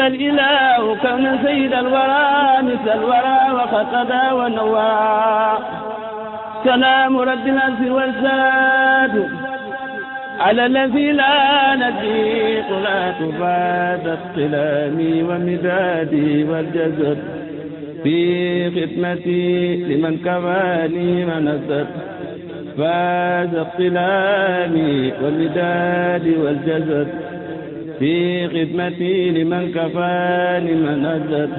أبى الإله كونا سيد الورى مثل الورى وقد قدا ونورا سلام رد الأنس والساد على الذي لا نزيق لا تفادت قلامي ومدادي والجسد في خدمتي لمن كفاني منست فازت قلامي والمداد والجسد في خدمتي لمن كفاني من أدب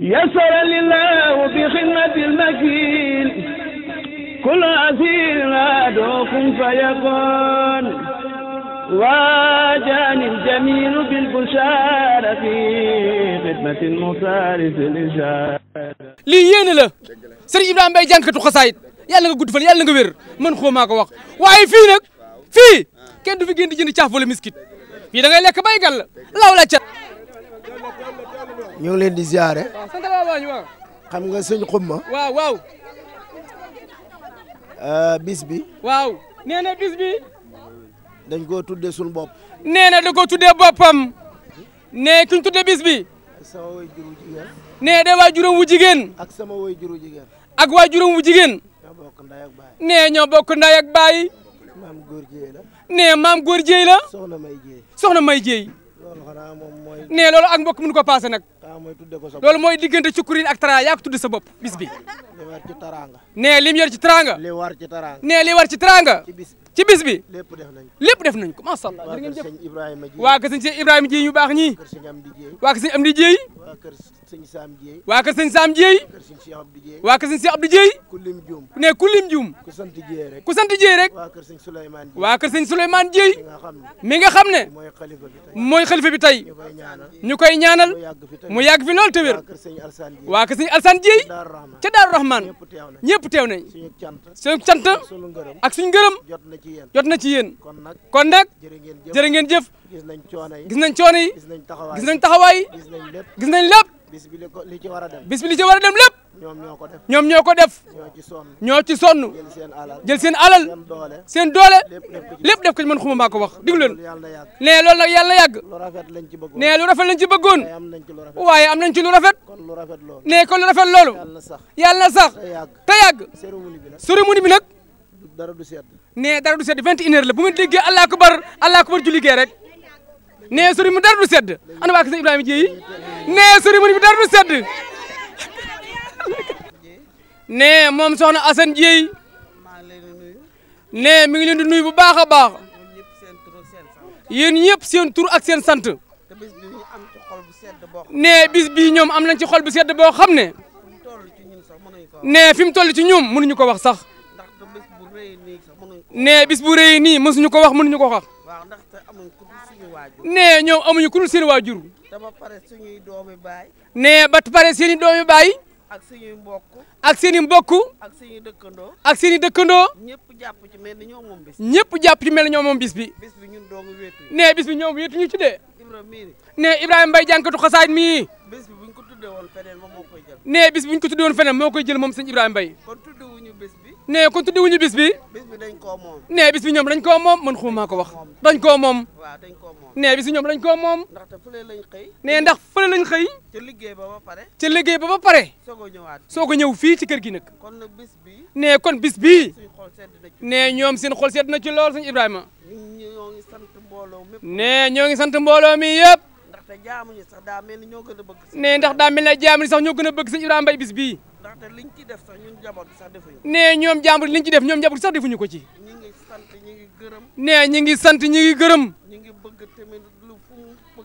يسر لله بخدمة المكين كل أسير أدعوكم فيكون واجاني الجميل بالبشارة في خدمة المصارف الإشارة lii yéene la Serigne Ibrahima Mbaye jànkatu xasaayit yàlla nga gudd fan yàlla nga wér man xoo maa ko wax waaye fii nag fii kenn du fi génn di jënd caaf wala miskit fii da ngay lekk bay gal law la ca. ñu leen di ziare. xam nga sëñ xumma. waaw waaw. Euh, bis bi. waaw nee na bis bi. dañ koo tuddee suñu bopp. nee na da ko tuddee boppam. nee ki ñu tuddee bis bi. sama waajur wu jigéen. nee de waajuram wu jigéen. ak sama waajur wu jigéen. ak waajuram wu jigéen. nee ñoo bokk nday ak baay. góor jéey la. nee maam góor jéey la. may jéey. soxna May Jéey nee loolu ak mbokk mënu ko passé nag loolu mooy diggante cukkurin ak tara yaa ko tudd sa bopp bis bi nee lim yor ci taraanga nee li war ci taraanga nee li war ci ci bis bi lépp def nañ ko lépp def nañ ko macha allah jërë ngeen jëf waa kër sëñ Ibrahima Dieye yu baax ñii waa kër sëñ Amdi Dieye waa kër sëñ Sam Dieye waa kër sëñ Sam Dieye waa kër sëñ Cheikh Abdou Dieye ku lim juum ne ku lim juum ku sant Dieye rek ku sant Dieye rek waa kër sëñ Souleymane Dieye waa kër sëñ Souleymane Dieye mi nga xam ne mooy xalifa bi tey ñu koy ñaanal mu yàgg fi lool te wér waa kër sëñ Alsane Dieye ca Daaru Rahman ñëpp teew nañ suñu cant ak suñu ngërëm jot na ci yéen kon nag jërë ngeen jëf gis nañ coono yi gis nañ gis nañ gis nañ lépp bis li ci war a dem bis bi li ci war a dem lépp ñoom ñoo ko def ñoom ñoo ko def ñoo ci sonn jël seen alal seen doole lépp def ko ci man xuma maa ko wax diglu leen nee loolu nag yàlla yàgg nee lu rafet lañ ci bëggoon waaye am nañ ci lu rafet nee kon lu rafet loolu yàlla na sax te yàgg cérémonie bi nag dara du sedd. nee dara du sedd vingt et la bu ma déggee allah akbar allah akbar ju liggéey rek nee sori mu dara du sedd ana waa Kër Ibrahima Dieye nee sori mu dara du sedd nee moom soxna Assane Dieye nee mi ngi leen di nuyu bu baax a baax yéen yëpp seen tur ak seen sant nee bis bii ñoom am nañ ci xol bu sedd boo xam ne nee fi mu toll ci ñoom mënuñu ko wax sax. nee bis bu rëy nii mësuñu ko wax ñu ko wax. nee ñoom amuñu ku dul seen waajur. nee ba pare seen i doomi baay. ak seen i mbokk. ak seen i mbokk. ak seen i dëkkandoo. ak seen i dëkkandoo. ñëpp jàpp ci mel ni ñoom moom bis bi. ñëpp jàpp ci mel ni ñoom moom bis bi. bis bi ñun dong wéetu. nee bis bi ñoom wéetu ñu ci dee. nee Ibrahima Mbaye jànkatu xasaayit mii. moo nee bis buñ ko tuddee feneen moo koy jël moom sëñ Ibrahima Mbaye. nee ko tuddi wuñu bis bi nee bis bi ñoom dañ koo moom man xuma maa ko wax dañ koo moom nee bis bi ñoom dañ koo moom nee ndax fële lañ xëy ca liggéey ba ba pare soo ko ñëw fii ci kër gi nag nee kon bis bii nee ñoom seen xol sedd na ci lool sëñ Ibrahima nee ñoo ngi sant mbooloo mi yëpp nee ndax daa mel ne jaamu sax ñoo na a bëgg sëñ Ibrahima Mbaye bis bii def sax ñun njaboot gi sax defuñu nee ñoom jàmbur liñ ci def ñoom njaboot gi sax defuñu ko ci. ñi gërëm. nee ñi ngi sant ñi gërëm. ñi ngi bëgg tamit lu fu mu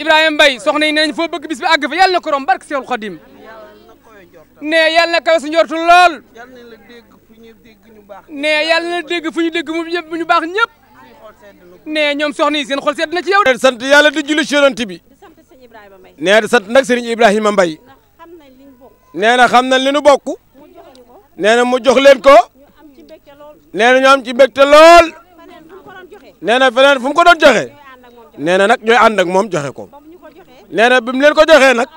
Ibrahima Mbaye soxna yi nee nañ foo bëgg bis bi àgg fa yàlla na ko rom Seexul Xadim. nee yàlla na kawe sa lool. la dégg fu baax. nee yàlla na dégg fu ñu dégg mu ñu baax ñëpp. nee ñoom soxna yi seen xol sedd na ci yow. sant yàlla di julli ci yonent bi. nee di sant nag Serigne Ibrahima Mbaye nee na xam nañ li nu bokk nee na mu jox leen ko nee na ci mbégte lool nee na feneen fu ko doon joxe nee na nag ñooy ànd ak moom joxe ko nee na bi mu leen ko joxee nag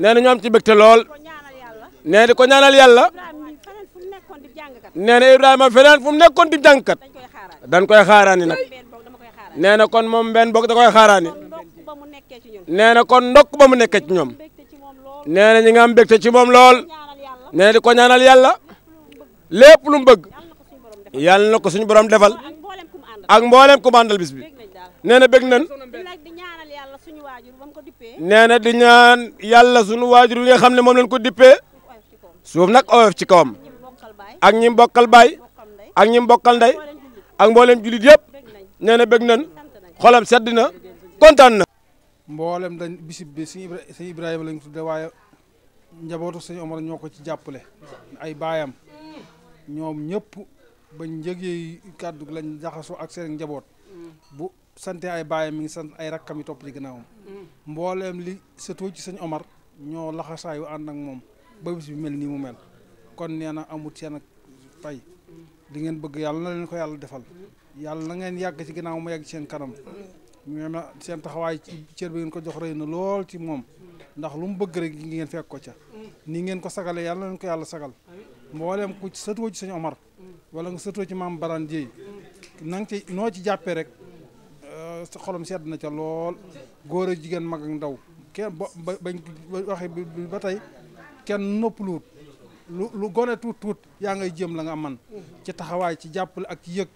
nee na ci mbégte lool nee di ko ñaanal yàlla nee na Ibrahima feneen fu mu nekkoon di jàngkat dañ koy xaaraani nag nee na kon moom benn bokk da koy xaaraani nee na kon ndok ba mu nekkee ci ñoom. nee na ñi nga am mbégte ci moom lool nee na di ko ñaanal yàlla lépp lu mu bëgg yàlla na ko suñu borom defal ak mboolem ku mu àndal bis bi nee na bég nañ nee na di ñaan yàlla suñu waajur yi nga xam ne moom lañ ko dippee suuf nag oyof ci kawam ak ñi mbokkal baay ak ñi mbokkal ndey ak mboolem julit yëpp nee na bég nañ xolam sedd na kontaan mboolem dañ bisib bi sëñ Ibrahima lañ tudde waaye njabootu sëñ Omar ñoo ko ci jàppale ay baayam ñoom ñëpp bañ njëgee kàddu lañ jaxasoo ak seen njaboot bu sante ay mi ngi sant ay rakkam yi topp ci mbooleem li sëtoo ci sëñ Omar ñoo laxasaayu ànd ak moom ba bis bi mel nii mu mel kon nee na amut seen ak pay li ngeen bëgg yàlla na leen ko yàlla defal yàlla na ngeen yàgg ci ginnaaw mu yàgg ci seen kanam nee na seen taxawaay ci cër bi ngeen ko jox rëy na lool ci moom ndax lu mu bëgg rek ngeen fekk ko ca nii ngeen ko sagale yàlla nañ ko yàlla sagal mboolem ku sëtoo ci sëñ Omar wala nga sëtoo ci maam Baran Jéy na nga ci noo ci jàppee rek euh, sa xolom sedd na ca lool góor ak jigéen mag ak ndaw kenn ba bañ bi ba tey kenn nëpp lu lu gone tuut tuut yaa ngay jéem la nga man ci taxawaay ci jàppale ak ci yëg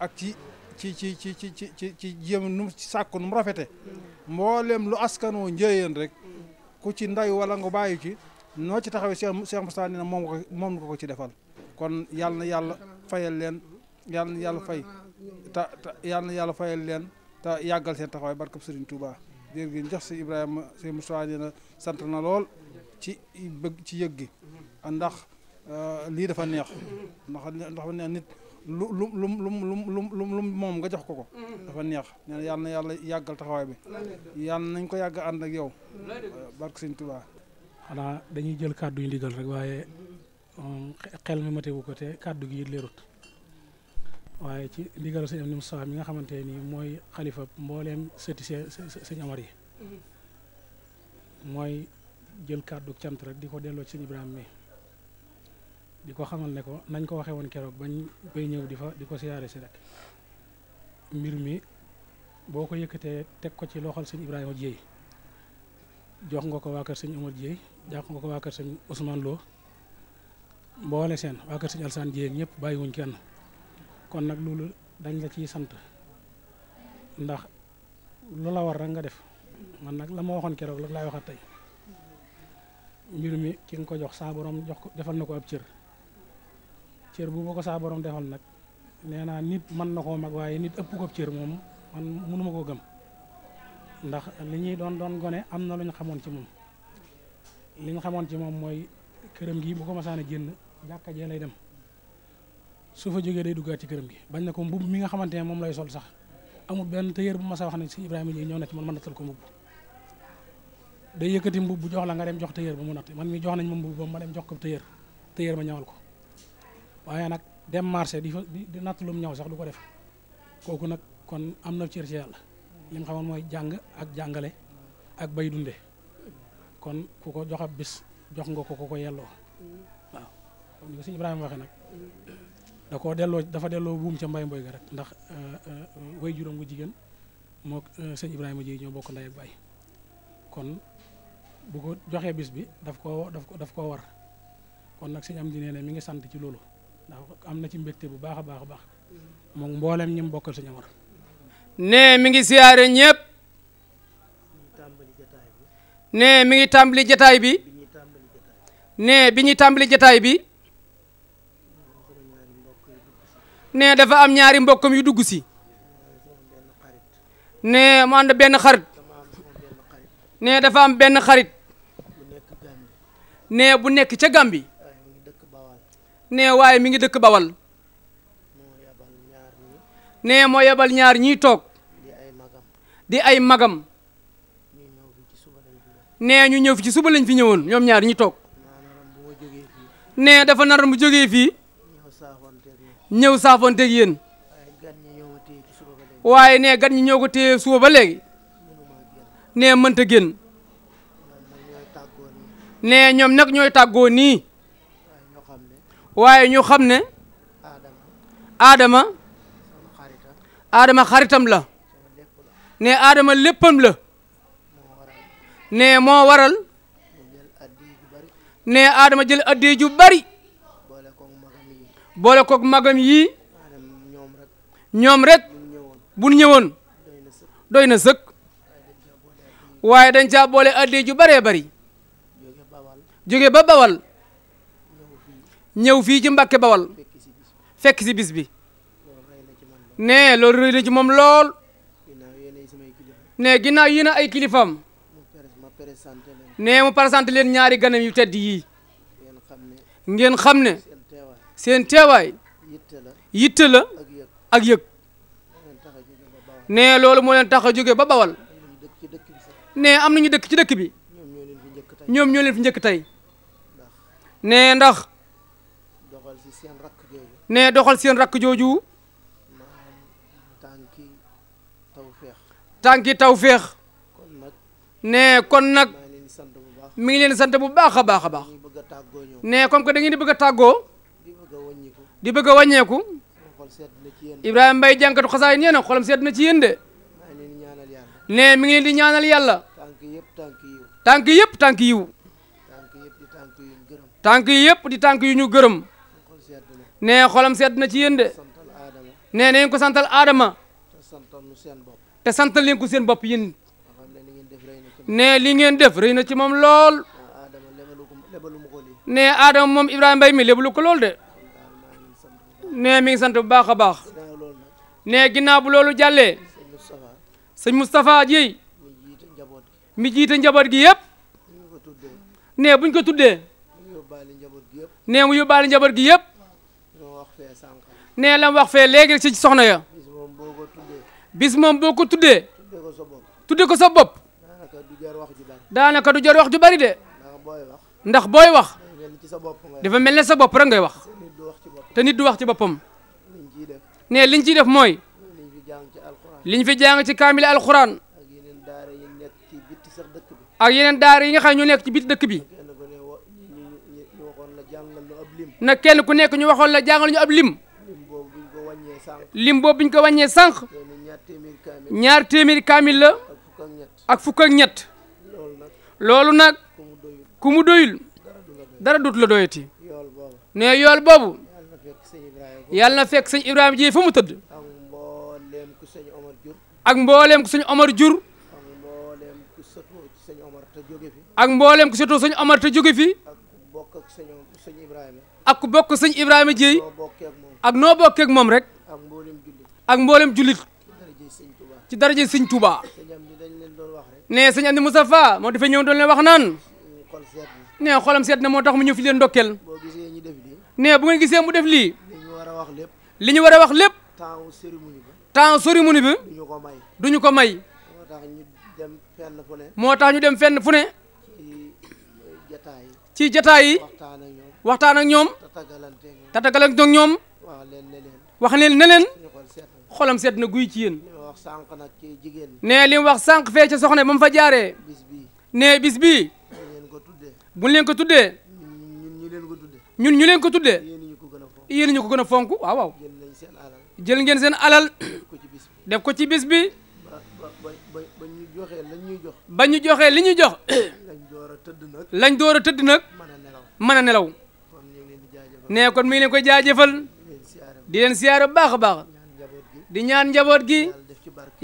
ak ci ci ci ci ci ci ci ci jéem nu mu sàkku mu rafete mboolem lu askanoo njëyeen rek ku ci nday walla nga bàyyi ci noo ci taxawee Cheikh Cheikh Moustapha nee na moom nga ko moom nga ko ci defal kon yàlla na yàlla fayal leen yàlla na yàlla fay ta yàlla na yàlla fayal leen te yàggal seen taxawaay barkab Serigne Touba jërë ngeen jox si Ibrahima Cheikh Moustapha nee na sant na lool ci bëgg ci yëg gi ndax euh, lii dafa neex ndax dafa neex nit lu lu lu lu lu lu lu moom nga jox ko ko. dafa neex nee na yàlla na yàlla yàggal taxawaay bi. yàlla nañ ko yàgg ànd ak yow. barke sëñ Tuubaa. xanaa dañuy jël kàddu yu ndigal rek waaye eh, xel mi matewu ko kàddu gi it leerut waaye ci ndigal sëñ Amdi Mustafaa mi nga xamante nii mooy xalifa mbooleem sëti sëñ yi. mooy jël kàddu cant rek di ko delloo ci sëñ Ibrahima mi. di ko xamal ne ko nañ ko waxee woon keroog bañ bay ñëw di fa di ko siyaare si rek mbir mi boo ko yëkkatee teg ko ci loxol sëñ Ibrahima Dieye jox nga ko waa kër sëñ Omar Dieye ko waa kër sëñ Ousmane Lo mboole seen waa kër sëñ Alsaan Dieye ñëpp bàyyiwuñ kenn kon nag loolu dañ la ciy sant ndax lu la war rek nga def man nag la ma waxoon keroog la laay waxaat tey mbir mi ki nga ko jox saa borom jox ko defal na ko ab cër. cër bu ma ko saa borom defal nag nee naa nit man na koo mag waaye nit ëpp ko cër moom man mënu koo gëm ndax li ñuy doon doon gone am na lu ñu xamoon ci moom li ñu xamoon ci moom mooy këram gi bu ko masaan a génn jàkka jee lay dem su fa jógee day duggaat ci këram gi bañ na ko mbub mi nga xamante ne moom lay sol sax amul benn tëyër bu ma sa wax ne si Ibrahima yi ñëw na ci man ma nattal ko mbubb day yëkkati bu jox la nga dem jox tëyër bu mu natt man mi jox nañ ma mbubb ba ma dem jox ko tëyër tëyër ma ñawal ko waaye nag dem marché di fa di natt lum ñëw sax du ko def kooku nag kon am na cër ci yàlla li mu xamoon mooy jàng ak jàngale ak bay dunde kon ku ko jox ab bis jox nga ko ko ko yelloo waaw comme ni ko sëñ waxee nag da koo delloo dafa delloo buum ca mbay mboy ga rek ndax euh, euh, way juróom gu jigéen moo euh, sëñ Ibrahima ji ñoo bokk ndey ak bay kon bu ko joxee bis bi daf ko daf ko daf koo war kon nag sëñ am di nee ne mi ngi sant ci loolu ndax am na ci mbégte bu baax a baax a baax moom mboolem ñi mu bokkal sëñ Amar ne mi ngi siyaare ñëpp ne mi ngi tàmbali jataay bi ne bi ñuy tàmbali jataay bi ne dafa am ñaari mbokkam yu dugg si ne mu ànd benn xarit ne dafa am benn xarit ne bu nekk ca Gàmbi nee waaye mi ngi dëkk bawal nee moo yebal ñaar ñiy toog di ay magam nee ñu ñëw fi ci suba lañ fi ñëwoon ñoom ñaar ñi toog nee dafa nar mu jógee fii ñëw saafoonteeg yéen waaye nee gan ñi ñoo ko téye suba ba léegi nee mënta génn nee ñoom nag ñooy tàggoo nii waaye ñu xam ne aadama aadama xaritam la ne aadama léppam la ne moo waral ne aadama jël addiye ju bari boole koog magam yi ñoom rek bu ñëwoon doy na sëkk waaye dañ caa boole addiye ju baree bari jóge ba bawal ñëw fii ci Mbàkke Bawal fekk si bis bi ne loolu rëy na ci moom lool ne ginnaaw yéen a ay kilifaam ne mu présenté leen ñaari ganam yu tedd yii ngeen xam ne seen teewaay yitte la ak yëg ne loolu moo leen tax a jóge ba Bawal ne am nañu dëkk ci dëkk bi ñoom ñoo leen fi njëkk tey ne ndax ne doxal seen rakk jooju tànki tawféex ne kon nag mi ngi leen sant bu baax a baax a baax ne comme ko da ngeen di bëgg a tàggoo di bëgg a wàññeeku Ibrahima Mbaye jànkatu xasaay nee na xolam sedd na ci yéen de ne mi ngi leen di ñaanal yàlla tànk yëpp tànk yiw tànk yëpp di tànk ñu gërëm nee xolam sedd na ci yéen de nee nañ ko santal aadama te santal leen ko seen bopp yéen nee li ngeen def rëy na ci moom lool nee aadama moom Ibrahima Mbaye mi lebalu ko lool de nee mi ngi sant bu baax a baax nee ginnaaw bu loolu jàllee sëñ Moustapha Dieye mi jiite njaboot gi yëpp nee buñ ko tuddee nee mu yóbbaale njaboot gi yëpp nee lam wax fee léegi ci soxna ya bis moom boo ko tuddee tudde ko sa bopp daanaka du jar wax ju bari de ndax booy wax dafa mel ne sa bopp rek ngay wax te nit du wax ci boppam ne liñ ciy def mooy liñ fi jàng ci kaamil alxuraan ak yeneen daara yi nga xam ñu nekk ci biti dëkk bi na kenn ku nekk ñu waxoon la jàngal ñu ab lim lim boobu bi ñu ko wàññee sànq ñaar téeméeri kaamil la ak fukk ak ñett loolu nag ku mu doyul dara dut la doyati ne yool boobu yàlla na fekk sëñ Ibrahima ji fa mu tëdd ak mbooleem ku sëñ Omar jur ak mbooleem ku sëtoo sëñ Omar te jóge fi ak ku bokk sëñ Ibrahima Dieye ak noo bokkee ak moom rek ak mboolem jullit ci daraje sëñ Touba ne sëñ Amdi Moustapha moo dafay ñëw doon leen wax naan ne xolam seet na moo tax mu ñëw fi leen ndokkel ne bu ngeen gisee mu def lii li ñu war a wax lépp temps ni bi du ñu ko may moo tax ñu dem fenn fu ne ci jataay waxtaan ak ñoom tatagalan toog ñoom wax leen ne leen xolam sedd na guy ci yéen ne li mu wax sànq fee ca soxna ba mu fa jaaree ne bis bii buñ leen ko tuddee ñun ñu leen ko tuddee yéen ñu ko gën a fonk waaw waaw jël ngeen seen alal def ko ci bis bi ba ñu joxee lañ ñuy jox ba ñu joxee li ñuy jox lañ door a tëdd nag lañ door a tëdd nag mën nelaw mën a nelaw nee kon mi ngi leen koy jaajëfal di leen siyaare baax a baax di ñaan njaboot gi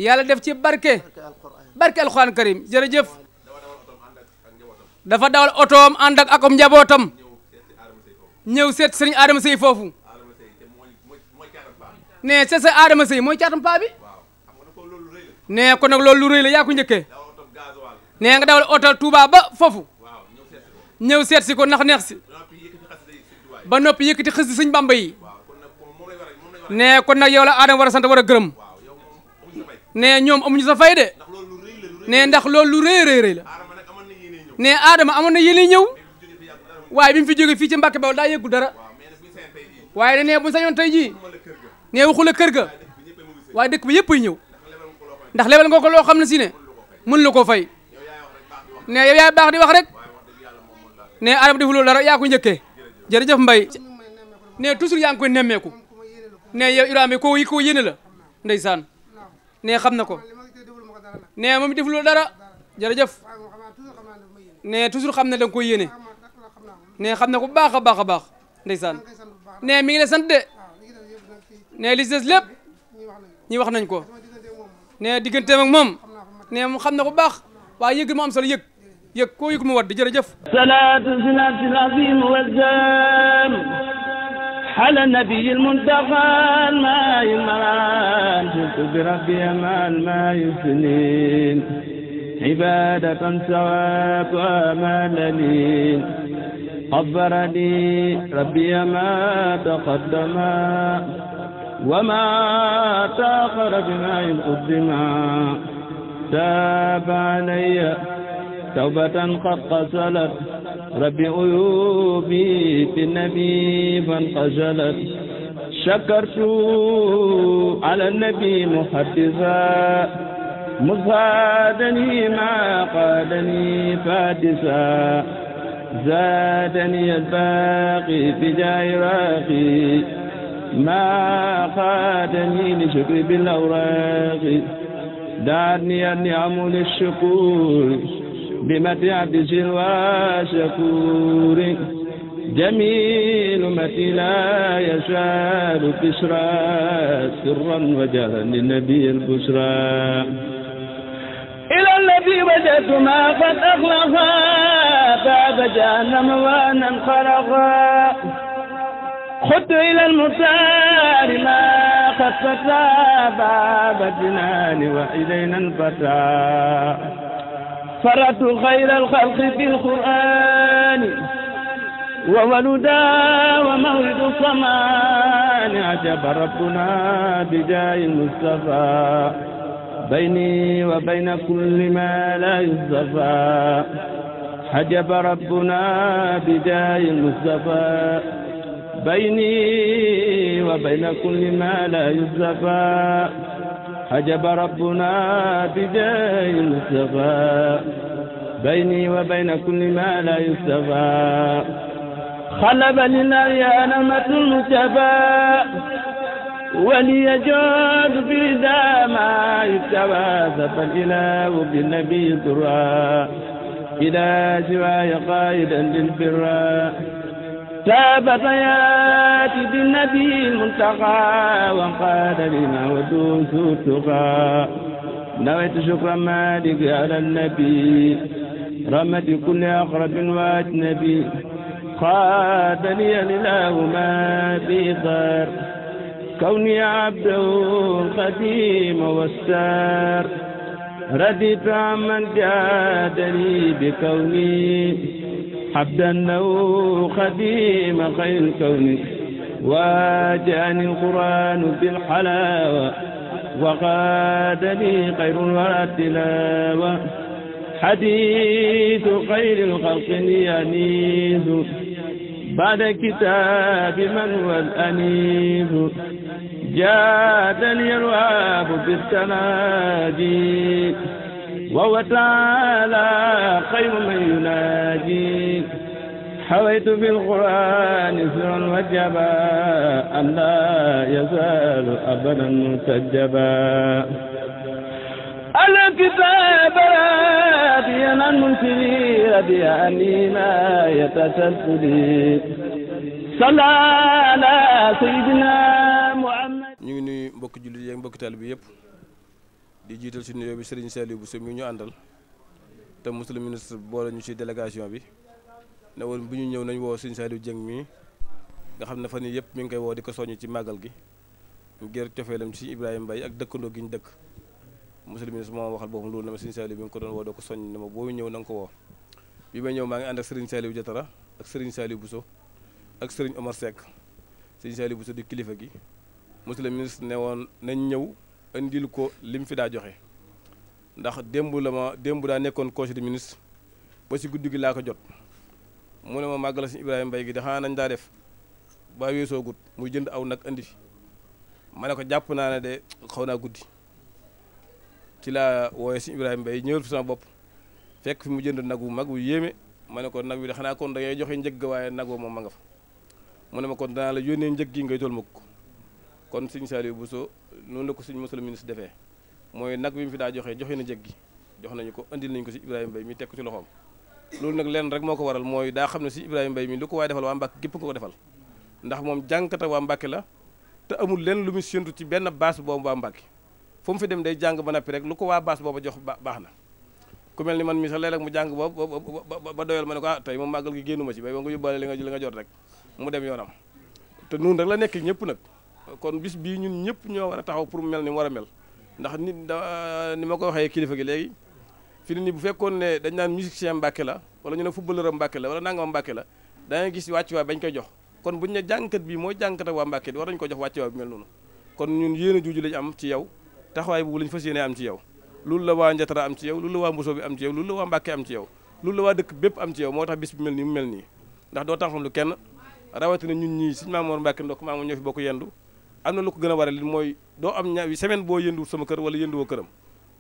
yàlla def ci barke barke alxuraan karim jërëjëf dafa dawal otoom ànd ak akom njabootam ñëw seet sëriñ Adama Sey foofu nee seet sa Adama Sey mooy caatam paa bi nee kon nag loolu lu rëy la yaa ko njëkkee nee nga dawal oto Touba ba foofu ñëw seet si ko ndax neex si ba noppi yëkkati xës di sëñ bàmba yi ne kon nag yow la aadama war a sant war a gërëm ne ñoom amuñu sa fay de ne ndax loolu lu rëy rëy rëy la ne aadama amoon na yéene ñëw waaye bi mu fi jógee fii ci Mbàkke Bawol daa yëggu dara waaye nee bu sañoon tey jii ne waxula kër ga waaye dëkk ba yëpp ay ñëw ndax lebal nga loo xam ne si ne mën la koo fay ne yow yaay baax di wax rek ne aadama defu loolu dara yaa ko njëkkee jërëjëf mbay ne toujours yaa ngi koy nemmeeku ne yow Ibrahima ko ko yéene la ndeysaan ne xam na ko ne moom defuloo dara jërëjëf ne toujours xam na da nga koy yéene ne xam na ko baax a baax a baax ndeysaan ne mi ngi lay sant de ne li des lépp ñi wax nañ ko ne digganteem ak moom ne mu xam na ko baax waaye yëg moo am solo yëg koo yëg mu wadd jërëjëf salaatu sinasi azim wazam ala nabiy almuntaqa almay maran bi rabbi aman ma yusnin ibadatan sawab amalani xabarani rabbi ma taqaddama وما تاخر بما قدما تاب علي توبة قد قسلت رب عيوبي في النبي فانقجلت شكرت على النبي محدثا مزادني ما قادني فادسا زادني الباقي في جاي راقي ما قادني لشكري بالأوراق دارني النعم للشكور بمتي عبد وشكور جميل متي لا يشال بشرى سرا وجهرا للنبي البشرى إلى الذي وجدت ما قد أغلقا باب جهنم وأنا انخرقا خدت إلى المختار ما قد فتى باب جنان وإلينا انفتى فرأت خير الخلق في القرآن وولدا وموعد الصمان عجب ربنا بجاه المصطفى بيني وبين كل ما لا يصطفى حجب ربنا بجاه المصطفى بيني وبين كل ما لا يصطفى حجب ربنا بجاه المصطفى بيني وبين كل ما لا يستفى خلب للأريان مت المشفى ولي جود في ذا ما يستوى سفى الإله بالنبي ترى إلى سواي قائدا للبرى تاب حياتي بالنبي المنتقى وقال لما ودوس التقى نويت شكر مالك على النبي رمد كل أقرب وأجنبي قادني الإله ما بي ضار كوني عبده القديم والسار رديت عمن جادني بكوني حبدا له قديم خير الكون واجاني القرآن بالحلاوة وقادني خير الورى التلاوة حديث خير الخلق ينيز بعد كتاب من هو الأنيب جاد اليرواب بالتنادي وهو تعالى خير من ينادي حويت بالقرآن سرا وجبا أن لا يزال أبدا متجبا الكتاب رابيا عن ñu ngi nuyu mbokki jullit yi ak mbokki taalibe bi yëpp di jiital ci nuyoo bi Serigne Saliou Bousso mi te monsieur le ministre boole ñu ci délégation bi ne woon bu ñu ñëw nañ woo Serigne Saliou Dieng mii nga xam ne fa yii yëpp mi ngi koy woo di ko soññ ci màggal gi ngir cofeelam ci ibrahim Mbaye ak dëkkandoo gi ñu dëkk monsieur le ministre moo waxal boobu loolu na ma Serigne Saliou bi nga ko doon woo doo ko soññ na ma boobu ñëw na nga ko woo bi may ñëw maa ngi ànd ak Serigne Saliou Diatara ak Serigne Saliou Bousso ak Serigne Omar Seck Serigne Saliou Bousso di kilifa gi monsieur le ministre ne woon nañ ñëw indil ko li mu fi daa joxe ndax démb la ma démb daa nekkoon conseil des ministre ba si guddi gi laa ko jot mu ne ma màggal si ibrahim Mbaye gi de nañ daa def ba weesoo gut muy jënd aw nag indi fi ma ne ko jàpp naa ne de xaw naa guddi ci laa wooye si Ibrahima Mbaye ñëwal fi sama bopp fekk fi mu jënd nag wu mag wu yéeme ma ne ko nag wi de xanaa kon da ngay joxe njëg waaye nag moom ma nga fa mu ne ma kon danaa la yónnee njëg gi nga tool ma ko kon sëñ Saliou Bousso noonu la ko sëñ Moussa defee mooy nag wi mu fi daa joxe joxe na njëg gi jox nañu ko andil nañu ko si Ibrahima Mbaye mi teg ko ci loxoom loolu nag lenn rek moo ko waral mooy daa xam ne si Ibrahima Mbaye mi lu ko waaye defal waa Mbàkke gépp nga ko defal ndax moom jànkata waa Mbàkke la te amul lenn lu muy séntu ci benn baas boobu waa Mbàkke fu mu fi dem day jàng ba noppi rek lu ko waa baas booba jox baax na ku ni man mi sax léeg-léeg mu jàng ba ba doyal ma ne ko ah tey moom màggal gi génnu ma ci bay ba nga yóbbaale li nga li nga jot rek mu dem yoonam te noonu rek la nekk ñëpp nag kon bis bii ñun ñëpp ñoo war pour mu mel ni war a mel ndax nit ni ma ko waxee kilifa gi léegi fi ni bu fekkoon ne dañ naan musicien Mbàkke la wala ñu ne footballeur Mbàkke la wala nangam Mbàkke la dangay gis wàccuwaay bañ koy jox kon buñ ne jàngkat bi mooy jàngkat ak waa Mbàkke di war nañ ko jox wàccuwaay bu mel noonu kon ñun yéena a juuju lañ am ci yow taxawaay boobu la ñu fas yéene am ci yow loolu la waa Njatara am ci yow loolu la waa Mbusoo bi am ci yow loolu la waa Mbàkke am ci yow loolu la waa dëkk bépp am ci yow moo tax bis bi mel nii mu mel nii ndax doo tànxam lu kenn rawatina ñun ñi suñu maam Mor Mbàkke ndokk maam ñoo fi bokk yendu na lu ko gën a waral mooy doo am ñaari semaine boo yëndu sama kër wala yënduwoo këram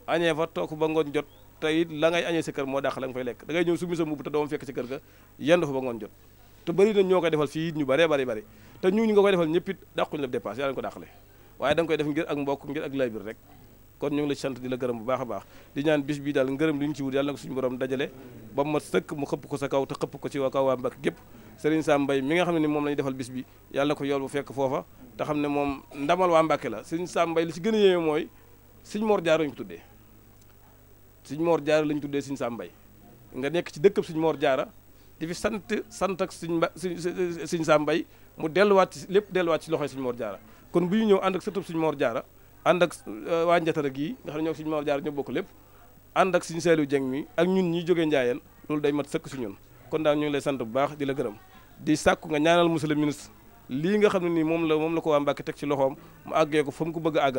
añee fa toog ba ngoon jot te la ngay añee sa moo dàq la nga lekk da ñëw summi sa mbubb te doom fekk ci kër ga yendu fa ba ñoo koy defal fii it ñu bëree bëri bëri te ñu ñu nga koy defal ñëpp it dàquñu la dépasse yàlla ñu ko dàqale waaye da nga koy def ngir ak mbokk ngir ak laabir rek kon ñu ngi la sant di la gërëm bu baax a baax di ñaan bis bi daal ngërëm li ñu ci wut yàlla borom dajale ba ma sëkk mu xëpp ko sa kaw te xëpp ko ci waa kaw waa Mbàkke gépp Serigne Sam Mbaye mi nga xam ne moom la defal bis bi yàlla ko yool fekk foofa te xam ne moom ndamal waa Mbàkke la Serigne Sam Mbaye li gën a yéeme mooy Sëñ Mor Jaara tuddee Sëñ Mor Jaara lañ tuddee Sëñ Sam nga nekk ci dëkkab Sëñ moor Jaara di sant sant ak Sëñ Sëñ Sam mbay mu delluwaat si lépp delluwaat ci loxoy suñu Mor Jaara kon bu ñu ñëw ànd ak sëtub suñu Mor Jaara ànd ak euh, waa Njatara gii nga xam ne ñoo suñu Mor Jaara ñoo bokk lépp ànd ak suñu Saliou Dieng mi ak ñun ñi jógee Njaayeen loolu day mat sëkk si ñun kon daal ñu ngi lay sant bu baax di la gërëm di sàkku nga ñaanal monsieur le ministre lii nga xam ne nii moom la moom la ko waa Mbàkke teg si loxoom mu àggee ko fa mu ko bëgg a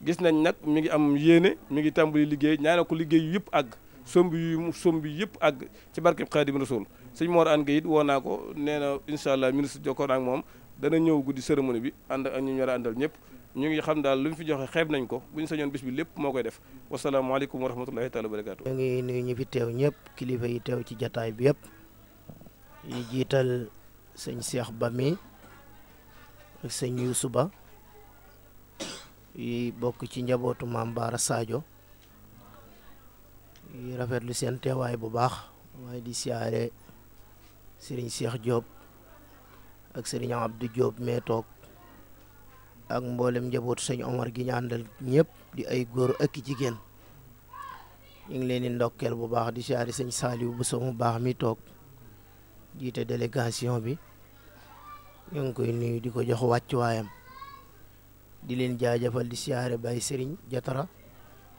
gis nañ nag mi ngi am yéene mi ngi tàmbali liggéey ñaanal ko liggéey yëpp àgg somb yu somb yëpp àgg ci barkeb Xaadimu Rasuul sëñ Mor An Gueye it naa ko nee na incha allah ministre jokkoon moom dana ñëw guddi cérémonie bi ànd ak ñu war a àndal ñëpp ñu ngi xam daal lu mu fi joxe xeeb nañ ko buñ ñu sañoon bis bi lépp moo koy def wasalaamaaleykum wa rahmatulahi taala wa barakaatu. ñu ngi nuyu ñu fi teew ñëpp kilifa yi teew ci jataay bi yëpp yi jiital sëñ seex Bami ak sëñ Youssou Ba yi bokk ci njabootu maam Baara saajo yi rafetlu seen teewaay bu baax waaye di siyaare. sëriñ Cheikh Diop ak sëriñ di jóob mee toog ak mboolem njaboot sëñ Omar gi ñu àndal ñëpp di ay góor ak jigéen ñu ngi leen di ndokkeel bu baax di siyaare sëñ saali bu sama baax mi toog jiite délégation bi ñu ngi koy nuyu di ko jox wàccuwaayam di leen jaajëfal di siyaare Baye sëriñ Jatara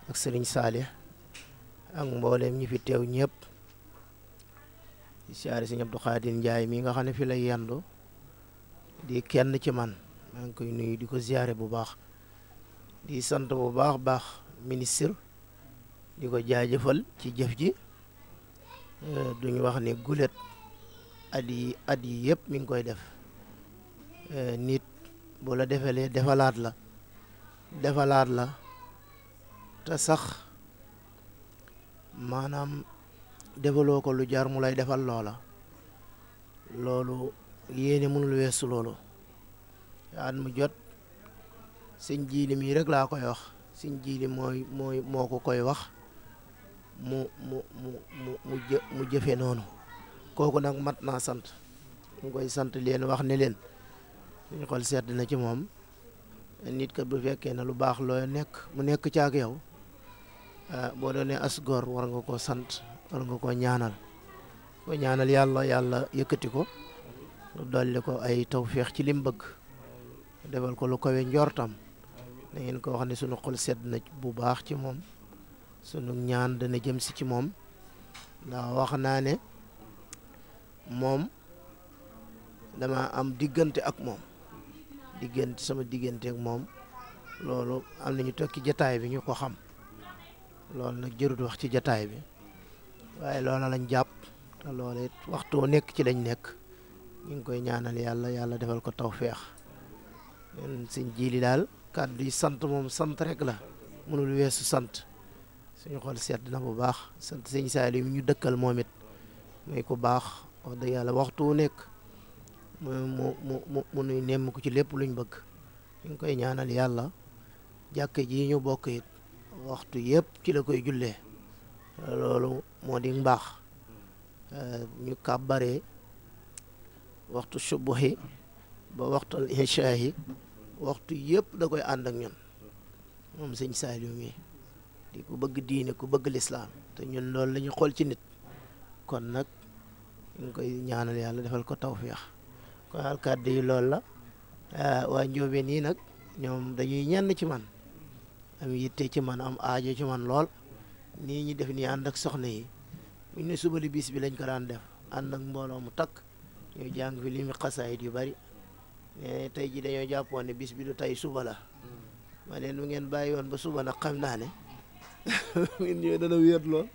ak sëriñ saali ak mboolem ñifi teew ñëpp. siyaare sëñ Abdou Khadir njaay mi nga xam ne fi lay yandu di kenn ci man maa ngi koy nuyu di ko siyaare bu baax di sant bu baax baax ministre di ko jaajëfal ci jëf ji eh, duñu wax ne gulet addi yi at yi yëpp mi ngi koy def eh, nit bu la defalee defalaat la defalaat la te sax maanaam defaloo ko lu jar mu lay defal loola loolu yéene mënul weesu loolu at mu jot sëñ jiili mii rek laa koy wax sëñ jiili mooy mooy moo ko koy wax mu mu mu mu mu jëfe noonu kooku nag mat naa sant mu koy sant leen wax ne leen suñu sedd na ci moom nit kat bu fekkee ne lu baax looy nekk mu nekk ci ak yow ah, boo doonee as góor war nga koo sant war nga ko ñaanal ñaanal yàlla yàlla yëkkati ko dolli ko ay taw tawféex ci lim bëgg defal ko lu kawe njortam na ko wax ne sunu xol sedd na bu baax ci moom sunu ñaan dana jëm si ci moom ndax naa ne moom dama am diggante ak moom diggante sama digganteek moom loolu am nañu tokki jataay bi ñu ko xam loolu nag jërut wax ci jataay bi waaye loola lañ jàpp te loola it waxtu nekk ci lañ nekk ñu ngi koy ñaanal yàlla yàlla defal ko taw tawféex sëñ jiili daal kàddu yi sant moom sant rek la mënul weesu sant suñu xol sedd na bu baax sant sëñ Saaliw ñu dëkkal moom it muy ku baax wax yàlla waxtu wu nekk mu mu mu mu nuy nemm ko ci lépp luñ bëgg ñu ngi koy ñaanal yàlla jàkk ji ñu bokk it waxtu yëpp ci la koy jullee loolu moo di mbaax euh, ñu kàbbaree waxtu subuhi ba waxtal insha yi waxtu yëpp da koy ànd ak ñun moom sëñ Saliou mi di ku bëgg diine ku bëgg lislaam te ñun loolu la ñu xool ci nit kon nag ñu koy ñaanal yàlla defal ko tawféex kon alkadde yi loolu la euh, waa njóobeen nii nag ñoom dañuy ñenn ci man am yitte ci man am aajo ci man lool nii ñu def nii ànd ak soxna yi buñ ne suba di bis bi lañ ko daan def ànd ak mbooloo mu takk ñu jàng fi li mu xasaayit yu bari ne tey ji dañoo ne bis bi du tey suba la ma leen mu ngeen bàyyi woon ba suba nag xam naa ne ngeen ñëw dana wéet lool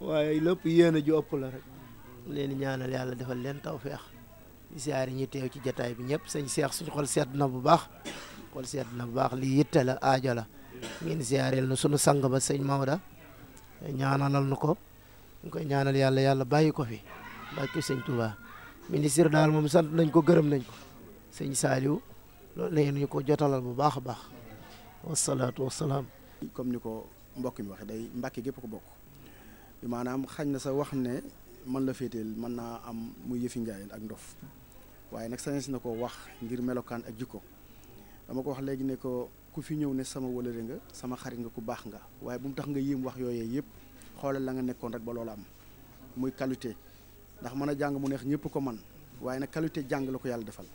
waaye lépp yéen a ju ëpp la rek leen ñaanal yàlla defal leen tawfeex di siyaari ñi teew ci jataay bi ñëpp sëñ seex suñ xol sedd na bu baax xol sedd na bu baax lii yitte la aajo la ngeen siyaareel na sunu sang ba sëñ Maodo ñaanalal nu ko ñu koy ñaanal yàlla yàlla bàyyi ko fi barke sëñ Touba ministre daal moom sant nañ ko gërëm nañ ko sëñ saaliw loolu la ñu ko jotalal bu baax a baax wasalaatu wasalaam. comme ni ko mbokki mi waxee day mbàkk gépp ko bokk bi maanaam xañ na sa wax ne man la féeteel mën naa am muy yëfi njaayeen ak ndof waaye nag sañes na ko wax ngir melokaan ak jikko dama ko wax léegi ne ko. ku fi ñëw ne sama wëlëre nga sama xarit nga ku baax nga waaye bu mu tax nga yéem wax yooyee yëpp xoolal la nga nekkoon rek ba loola am muy qualité ndax man a jàng mu neex ñëpp ko man waaye na qualité jàng la ko yàlla defal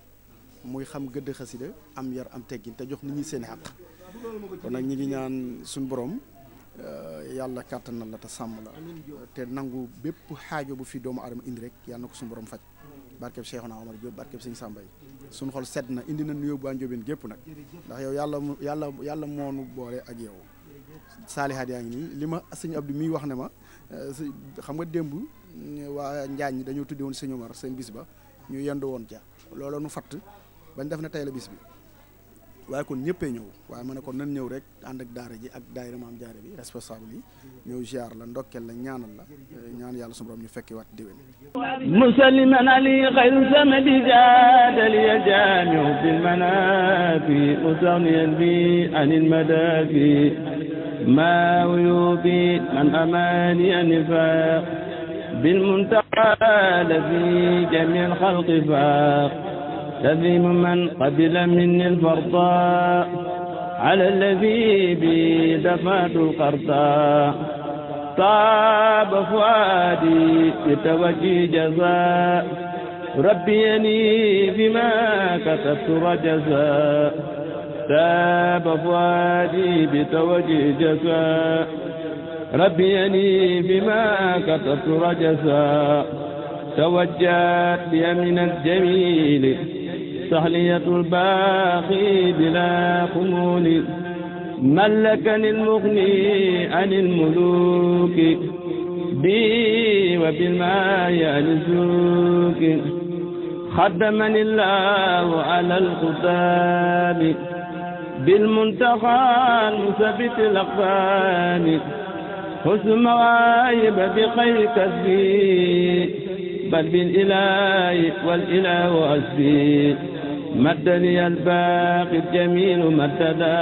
muy xam gëdd xasida am yar am teggin te jox nit ñi seen i àq kon nag ñi ngi ñaan suñu borom Euh, yàlla kàttan na la te sàmm la te nangu bépp xaajo bu fi doomu aadama indi rek yàlla na ko suñu borom faj barkeb Cheikhuna Omar Diop barkeb Sëñ Samba yi suñu xol sedd na indi na nuyoo bu waa Njóobeen gépp nag ndax yow yàlla yàlla yàlla moonu boole ak yow saalihaat yaa ngi nii li ma sëñ Abdou miy wax ne ma euh, xam nga démb euh, waa Njaañ ñi dañoo tudde woon sëñ Omar seen bis ba ñu yendu woon ca looloo nu fatt bañ def na tey la bis bi waaye kon ñëppee ñëw waaye ma kon nan ñëw rek ànd ak daara ji ak daayira maam jaare bi responsable yi ñëw ziar la ndokkeel la ñaanal la ñaan yàlla suñu borom ñu fekki waat déwén musliman ali xayru samadi jaadal ya jaamiu bil manaafi musawniyan bi anil madaafi maa wuyubi man amaani anifaq bil muntaqa la fi faaq تفهم من قبل مني الفرطاء على الذي بي دفعت القرطاء طاب فؤادي بتوجي جزاء ربيني بما كتبت رجزاء تاب فؤادي بتوجي جزاء ربيني بما كتبت رجزاء توجهت بيمن الجميل تحلية الباقي بلا خمول ملكني المغني عن الملوك بي وبالماء عن الزوك خدمني الله على الخطاب بالمنتقى المثبت الأقدام حسن مغايب بخير كسبي بل بالإله والإله أسبي مدني الباقي الجميل مددا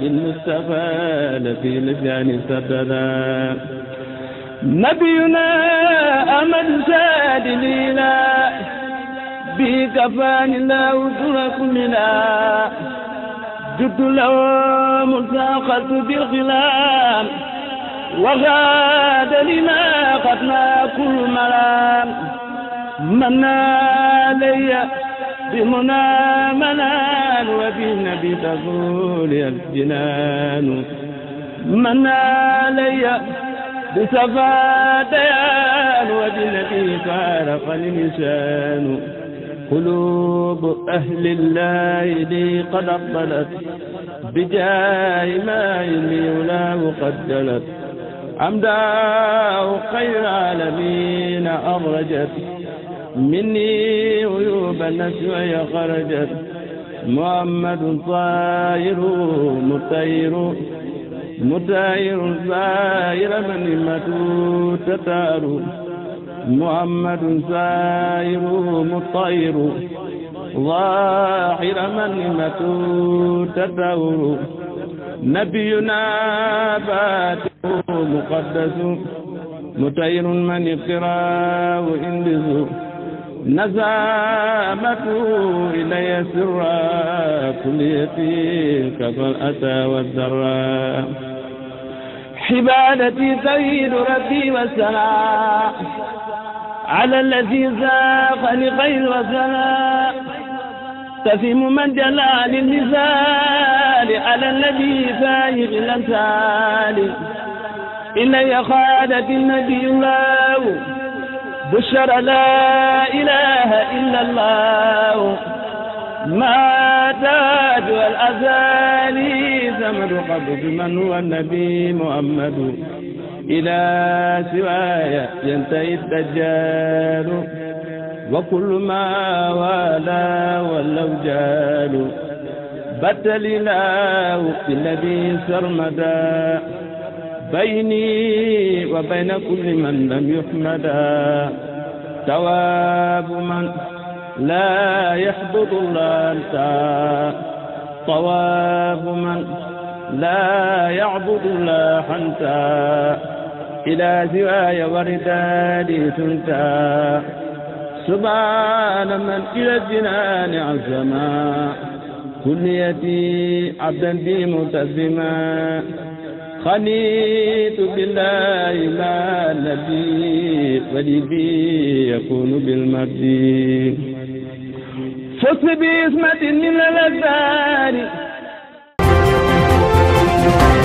بالمصطفى لفي لسان سددا نبينا أمل زاد ليلا به كفاني لا وترك منا جبت له مساقة بالغلام وغاد لما قد ما كل ملام من علي بهنا منان وبالنبي تقول يا الجنان من علي بصفا ديان وبالنبي فارق اللسان قلوب أهل الله لي قد أطلت بجاه ما يولاه قدلت عمدا خير العالمين أرجت مني عيوب النسوي خرجت محمد طائر مطير مطير سائر منمة تتار محمد سائر مطير ظاهر منمة تتور نبينا فاتح مقدس مطير من اقتراه اندس نزامة إلي سرا كل فيك فالأتى والذرى حبادتي سيد ربي والسلام على الذي زاق لخير وسلام تفهم من جلال النزال على الذي فايق الأمثال إلي خادت النبي الله بشر لا إله إلا الله ما تاج والأزالي زمد قبض من هو النبي محمد إلى سواي ينتهي الدجال وكل ما والى والأوجال بت لله بالذي سرمدا بيني وبين كل من لم يحمدا ثواب من لا يحبط الله ثواب من لا يعبد الله حنتا إلى سواي وردادي سنتا سبحان من إلى الجنان عزما كليتي عبدا بي متزما xaniitu billaahi laa nabi wali bi yakunu bil mabdi fos bi ismatin min al azari